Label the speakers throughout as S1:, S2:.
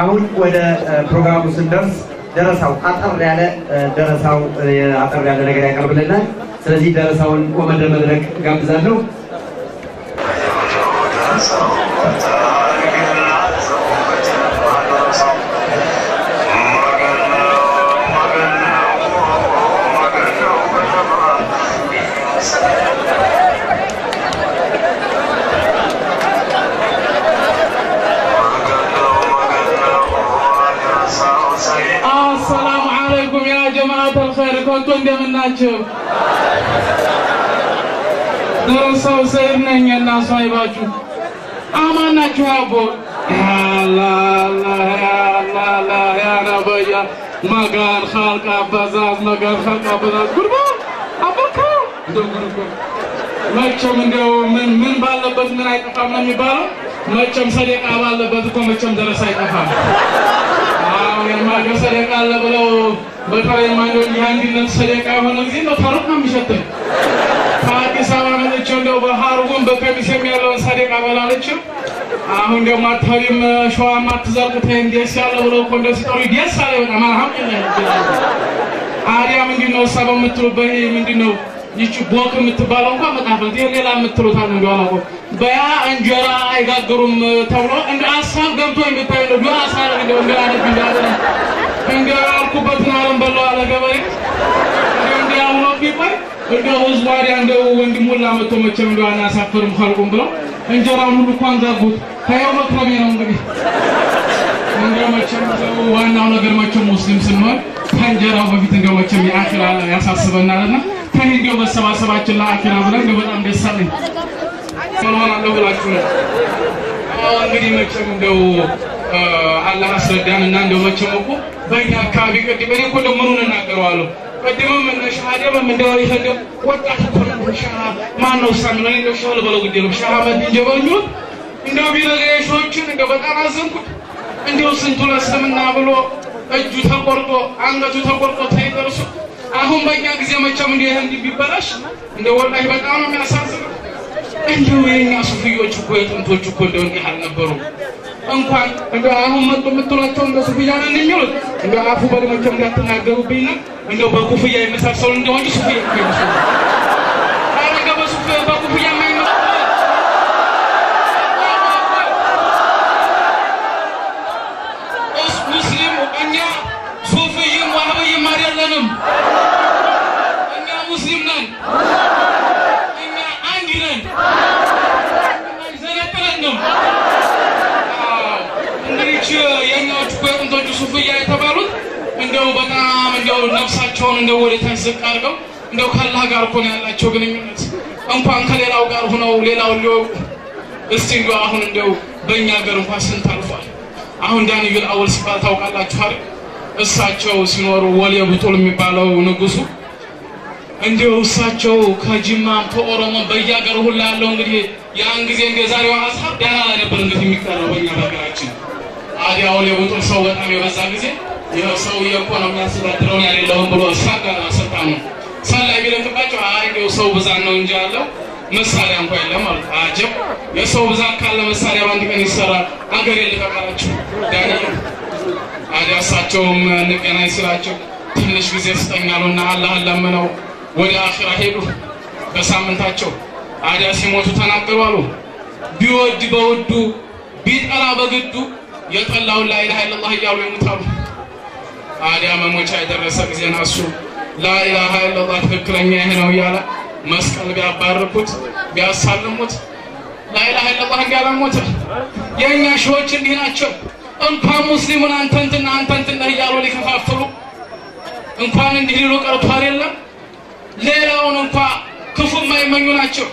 S1: አሁን ወደ ፕሮግራሙ ስንደርስ ደረሳው አጠር ያለ ደረሳው አጠር ያለ ነገር ያቀርብልናል። ስለዚህ ደረሳውን ወመደ መድረክ ጋብዛለሁ።
S2: ሰው ስዕል ነኝ እና ስዋይባችሁ አማናችሁ አቦ ያናበያ መጋር ኸልቅ አበዛዝ መጋን ኸልቅ አበዛዝ ጉድባ አበካ እንደው ጉድ መቼም እንደው ምን ምን ባለበት ምን አይጠፋም ነው የሚባለው። መቼም ሰደቃ ባለበት እኮ መቼም ደረስ አይጠፋም። የማገር ሰደቃ አለ ብለው በተለይ ማንዶ የአንድነት ሰደቃ የሆነ ጊዜ ነው ነው የሚሸተኝ አዲስ አበባ ነች። እንደው በሀርቡን በቀሚሴም ያለውን ሰደቃ በላለችም። አሁን ደግሞ አታቢም ሸዋ ማትዘርቁት ደስ ያለ ብለው እኮ እንደው ሲጠሩ ደስ አለ። በጣም አልሐምዱሊላህ። ታዲያ ምንድን ነው እሳ በምትሉበት ምንድን ነው ይቺ ቦክ የምትባለው እንኳ መጣፈት ይህ ሌላ የምትሉት አሉ እንዲሁ አላቆ በያ እንጀራ አይጋግሩም ተብሎ እንደ ሀሳብ ገብቶ የሚታይ ነው። ዱዓ ሳረግ እንደው እንደ አነት እንዳለ እንደ አልኩበትን አለም በለው አለ ገበሬ እንዲያውኖ ቢባይ እርጋው ህዝብ ዋዲያ እንደው ወንድሙን ላመቶ መቼም እንደው አናሳፈርም ኸልቁም ብለው እንጀራውን ሁሉ እንኳን ዛጉት። ታየው መክረሜ ነው እንግዲህ እንደው መቼም ዋናው ነገር መቼም ሙስሊም ስንሆን ከእንጀራው በፊት እንደው መቼም የአኺራ ያሳስበናልና ከእኔ እንደው መሰባሰባችን ለአኺራ ብለን እንደው በጣም ደስ አለኝ። ሆናለሁ ብላችሁ ነው እንግዲህ መቼም እንደው አላህ አስረዳንና እንደው መቼም እኮ በእኛ አካባቢ ቅድም እኔ እኮ ልምኑን እናገረዋለሁ ቅድምም እነ ሻህ ደምም ይፈልግ ወጣት እኮ ነው ሻህ ማን ነው ሳሚ ነው እንደው ሻህ ለበለው ግዴ ነው ሻህ አህመድ እንጀበኙ እንደው ቢነገር የሾችን እንደው በጣም አዘንኩት። እንደው ስንቱ ለስምና ብሎ እጁ ተቆርጦ አንገቱ ተቆርጦ ተይደርሱ አሁን በእኛ ጊዜ መቼም እንደ ይሄን ቢበላሽ እንደ ወላሂ በጣም ነው የሚያሳዝነው። እንደው የኛ ሱፍዮች እኮ የጥንቶች እኮ እንደው እንዲህ አልነበሩም። እንኳን እንደ አሁን መጡ የምትሏቸው እንደ ሱፍያ ነን የሚሉት እንደ አፉ በልመቸው እንዳትናገሩብኝና እንደ በኩፍያ የመሳሰሉ እንደሆነ ሱፍያ ይመስላል እንደው ነፍሳቸውን እንደው ወደታች ዝቅ አድርገው እንደው ካላህ ጋር እኮ ነው ያላቸው ግንኙነት እንኳን ከሌላው ጋር ሆነው ሌላውን ሊወቁ እስቲ እንደው አሁን እንደው በእኛ ሀገር እንኳን ስንት አልፏል። አሁን ዳንኤል አወል ሲባል ታውቃላችሁ አይደል? እሳቸው ሲኖሩ ወሌ ብጡል የሚባለው ንጉሱ እንዲሁ እሳቸው ከጅማም ከኦሮሞ በየሀገሩ ሁሉ ያለው እንግዲህ ያን ጊዜ እንደ ዛሬው ሀሳብ ዳና ላይ ነበር እንግዲህ የሚጠራው በእኛ በሀገራችን አዲያ ወሌ ብጡል ሰው በጣም የበዛ ጊዜ yo sawiyo kono mi asila ቢለቅባቸው ብዛት ነው እንጂ መሳሪያ እንኳ የለም አሉ። አጀብ የሰው ብዛት ካለ መሳሪያ በአንድ ቀን ይሰራል። አገር ዳንኤል። እንገናኝ ትንሽ ጊዜ ለምነው ወደ አኺራ ሄዱ። በሳምንታቸው አዲያ ሲሞቱ ተናገሩ አሉ። ቢወድ በውዱ ቢጠላ በግዱ የጠላውን ላኢላሃ እያሉ ይሙታሉ። አዲያ መሞቻ የደረሰ ጊዜና እሱ ላኢላሃ ኢለላህ ትክክለኛ ይሄ ነው እያለ መስቀል ቢያባርኩት ቢያሳልሙት ላኢላሃ ኢለላህ እንዲያለ ሞተ። የእኛ ሺዎች እንዲህ ናቸው። እንኳን ሙስሊሙን አንተንትና አንተንትና እያሉ ሊከፋፍሉ እንኳን እንዲህ ሊሉ ቀርቶ አይደለም ሌላውን እንኳ ክፉ የማይመኙ ናቸው።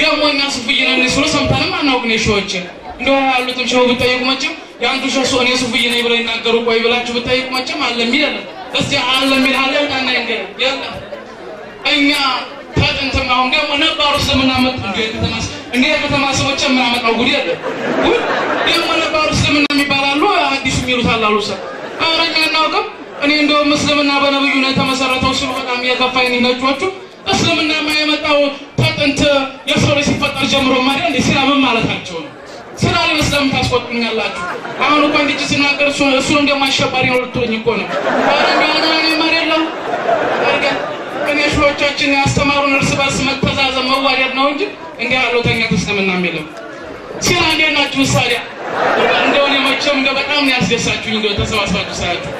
S2: ደግሞ እኛ ሱፍይነን ሲሉ ሰምተንም አናውቅን። የሺዎችን እንደሆነ ያሉትም ሸው ብጠይቁ መቼም የአንዱ ሸሱ እኔ ሱፍይ ነኝ ብለው ይናገሩ ቆይ ብላችሁ ብታይ መቼም አለ የሚል አለ እስቲ አለ የሚል አለ ይውጣና ይንገር እኛ ከጥንትም አሁን ደግሞ ነባሩ እስልምና መጡ እንደ ከተማ እንደ ከተማ ሰዎች የምናመጣው ጉድ ያለ ደግሞ ነባሩ እስልምና የሚባል አሉ አዲስ የሚሉት አላሉ ሰ ኧረ እናውቅም እኔ እንደውም እስልምና በነብዩ ነው የተመሰረተው ስሉ በጣም የከፋይ ነኝ ነጮቹ እስልምና የመጣው ከጥንት የሰው ልጅ ሲፈጠር ጀምሮ ማዲያ እንደ ሲራምን ማለታቸው ነው ስራውን ስለምታስቆጡኛላችሁ አሁን እኮ እንድጭ ስናገር እሱ እንደውም አሸባሪ ነው ልትሆኝ እኮ ነው። ባረንዳሆነ መር የለው ግን የሽዎቻችን ያስተማሩን እርስ በርስ መተዛዘብ መዋደድ ነው እንጂ እንዲህ አሎተኛ ተስለምና የለም። ሲራ እንዴት ናችሁ? ምሳሌያ እንደሆነ መቼም እንደ በጣም ነው ያስደሳችሁኝ እንደ ተሰባስባችሁ ሳያችሁ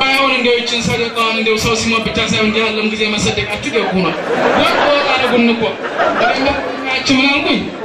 S2: ባይሆን እንደው ይችን ሰደቃውን እንደው ሰው ሲሞት ብቻ ሳይሆን እንዲህ ያለም ጊዜ መሰደቃችሁ ደጉ ነው። ወጥ ወጥ አደጉን እኮ ምን አልኩኝ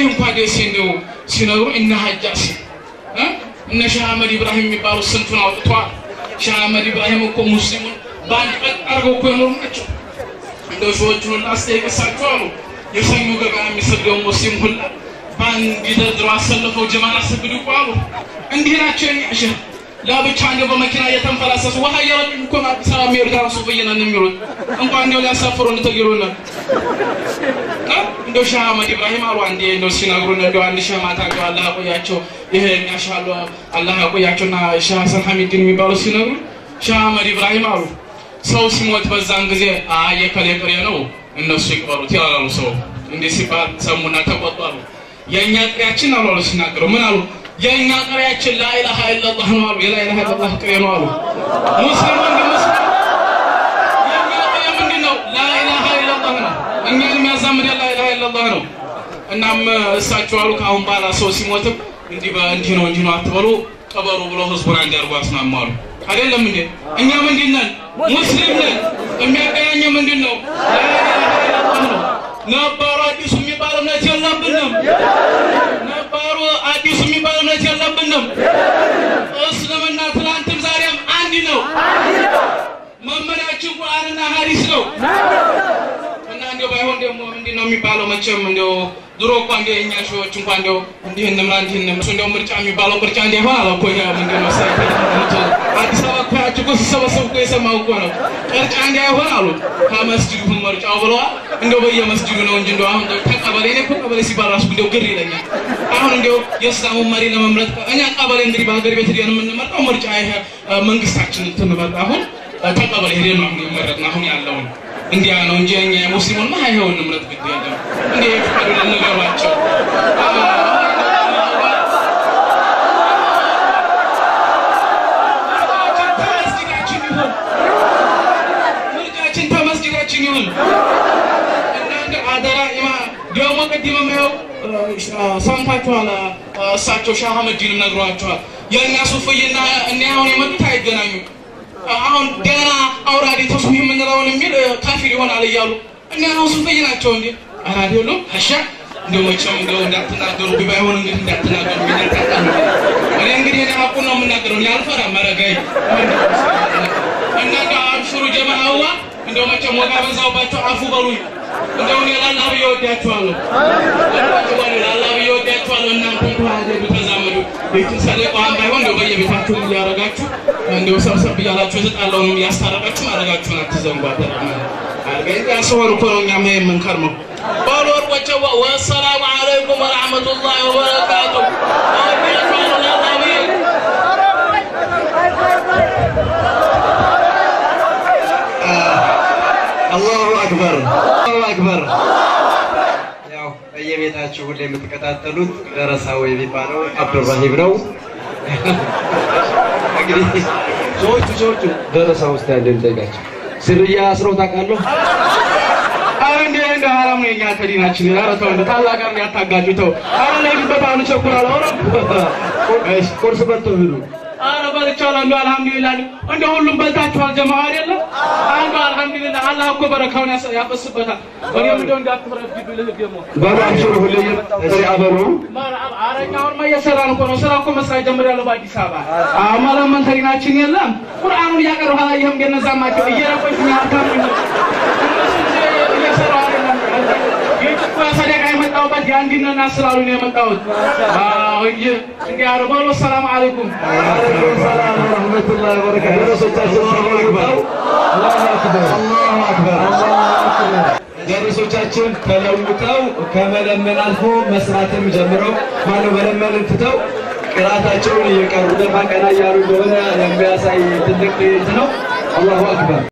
S2: ዱባይ እንኳ ደስ እንደው ሲኖሩ እነ ሀጃሲ እነ ሻህ አህመድ ኢብራሂም የሚባሉ ስንቱን አውጥተዋል። ሻህ አህመድ ኢብራሂም እኮ ሙስሊሙን በአንድ ቀጥ አድርገው እኮ የኖሩ ናቸው። እንደው ሰዎቹን ሁላ አስጠይቀሳቸው አሉ። የሰኞ ገበያ የሚሰግደው ሙስሊም ሁላ በአንድ ደርድረው አሰልፈው ጀማል አሰግዱ እኮ አሉ። እንዲህ ናቸው የኛ ሸህ ጋብቻ እንደው በመኪና እየተንፈላሰሱ ውሃ እያወጡ እኮ አዲስ አበባ የሚሄዱት ራሱ ብዬ ነው የሚሉት። እንኳን እንደው ሊያሳፍሩን ትግሉናል። እንደው ሼህ አህመድ ኢብራሂም አሉ አንዴ እንደው ሲነግሩን እንደው አንድ ሼህ ማታ እንደው አላህ ያቆያቸው ይሄ የሚያሻሉ አላህ ያቆያቸውና ሼህ ሀሰን ሐሚድን የሚባሉ ሲነግሩ ሻህ አህመድ ኢብራሂም አሉ ሰው ሲሞት በዛን ጊዜ አይ የከሌ ነው እነሱ ይቅበሩት ይላሉ። ሰው እንዲህ ሲባል ሰሙና ተቆጡ የእኛ ቅሬያችን አሉ አሉ ሲናገሩ ምን አሉ የእኛ ጥሪያችን ላኢላሃ ኢለላህ ነው አሉ። የላኢላሃ ኢለላህ ጥሪ ነው አሉ። ሙስሊም ወንድም ሙስሊም የእኛ ጥሪ ምንድን ነው? ላኢላሃ ኢለላህ ነው። እኛን የሚያዛምድ ላኢላሃ ኢለላህ ነው። እናም እሳቸው አሉ ከአሁን በኋላ ሰው ሲሞትም እንዲህ እንዲህ ነው እንዲህ ነው አትበሉ ቀበሩ ብሎ ህዝቡን አንድ አድርጎ አስማማሉ። አይደለም እንዴ? እኛ ምንድን ነን? ሙስሊም ነን። የሚያገናኘው ምንድን ነው? ላኢላሃ ኢለላህ ነው ነባ ነው እና እንደው ባይሆን ደግሞ ምንድን ነው የሚባለው መቼም እንደው ድሮ እኮ እንደ እኛ ሺዎች እንኳን እንደው እንዲህ እንምራ እንዲህ እንምራ እሱ እንደው ምርጫ የሚባለው ምርጫ እንዳይሆን አለ እኮ ምንድን ነው አዲስ አበባ እኮ ያች እኮ ሲሰበሰብ እኮ የሰማው እኮ ነው ቅርጫ እንዳይሆን አሉ ከመስጅዱ ምርጫው ብለዋል እንደው በየመስጅዱ ነው እንጂ እንደው አሁን ከቀበሌ እኔ እኮ ቀበሌ ሲባል ራሱ እንደው ግር ይለኛል አሁን እንደው የእስላሙን መሪ ለመምረጥ እኛ ቀበሌ እንግዲህ በሀገር ቤት ሄደን የምንመርጠው ምርጫ ይሄ መንግስታችን እንትን መጣ አሁን ተቀበል ሄደን ነው እንዲመረጥ አሁን ያለውን እንዲያ ነው እንጂ እኛ የሙስሊሙን ማ ይሄውን ምረት ግድ የለም እንዴ ፍቃዱ ለነገሯቸው ተመስጊዳችን ይሁን እናንተ ሰምታችኋል እሳቸው ሻህ አህመድ ነግሯቸዋል የእኛ ሱፍይና እኒያ የመጡት አይገናኙም አሁን ገና አውራዴቱ ሱፊ የምንለውን የሚል ካፊር ይሆናል እያሉ እና አሁን ሱፍይ ናቸው እንዴ? አራዲ አይደሉም። እሺ እንደው መቼም እንደው እንዳትናገሩ ባይሆን እንግዲህ እንዳትናገሩ እንዳታጣሉ። እኔ እንግዲህ እኔ ሀቁን ነው የምናገረው። እኔ አልፈራም። መረጋይ እና እንደው አብሽሩ ጀመሃዋ እንደው መቼም ወጋ በዛውባቸው አፉ በሉኝ። እንደው እኔ ላላ ብዬ ወዳችኋለሁ። ላላ ብዬ ወዳችኋለሁ እናንተ ተዋደዱ ቤቱ ሰለቋ እንዳይሆን እንደው በየቤታችሁም እያረጋችሁ እንደው ሰብሰብ እያላችሁ የተጣለውንም እያስታረቃችሁ አረጋችሁን አትዘንጉ። አደራ ሲሆን እኮ ነው እኛም የምንከርመው። ባልወርቆች ወሰላሙ አለይኩም ወረሕመቱላሂ ወበረካቱ።
S3: አላሁ አክበር አላሁ አክበር በቤታችሁ ሁሌ የምትከታተሉት ደረሳው የሚባለው አብዱራሂም ነው። እንግዲህ ሰዎቹ ሰዎቹ ደረሳ ውስጥ ያለ እንጠይቃቸው ስርያ አስረው ታውቃለህ? እንደ እንደ ሀራም ነው የኛ ከዲናችን። ኧረ ተው እንደ ታላቅ ያታጋጩ ተው። ኧረ ለይበት አሁን ቸኩራል። ኧረ ቁርስ በልተው ሂዱ። ሰጥቻለሁ። እንደው አልሐምዱሊላህ እንደ ሁሉም በልታችኋል። ጀማ አይደለም አንዱ አልሐምዱሊላህ አላህ እኮ በረካውን ያፈስበታል። እኔም እንደው እንዳትፈረድብልህ ደግሞ በላችሁ ሁሌ እዚህ አበሉ አረኛውን እየሰራን እኮ ነው። ስራ እኮ መስራት ጀምሬያለሁ በአዲስ አበባ መንተሪናችን የለም ቁርአኑን እያቀረበ ይሄም ገነዛማቸው እየረቆች ነው ያልካም ሰደቃ የመጣሁበት የአንድነና ስላሉ ነው የመጣሁት እንዲህ ሰላም አለይኩም ረመቱላ ደረሶቻችን ተለውጠው ከመለመን አልፎ መስራትም ጀምረው ማነው መለመንን ትተው ቅራታቸውን እየቀሩ እያሉ እንደሆነ የሚያሳይ ትልቅ ትዕይንት ነው። አላሁ አክበር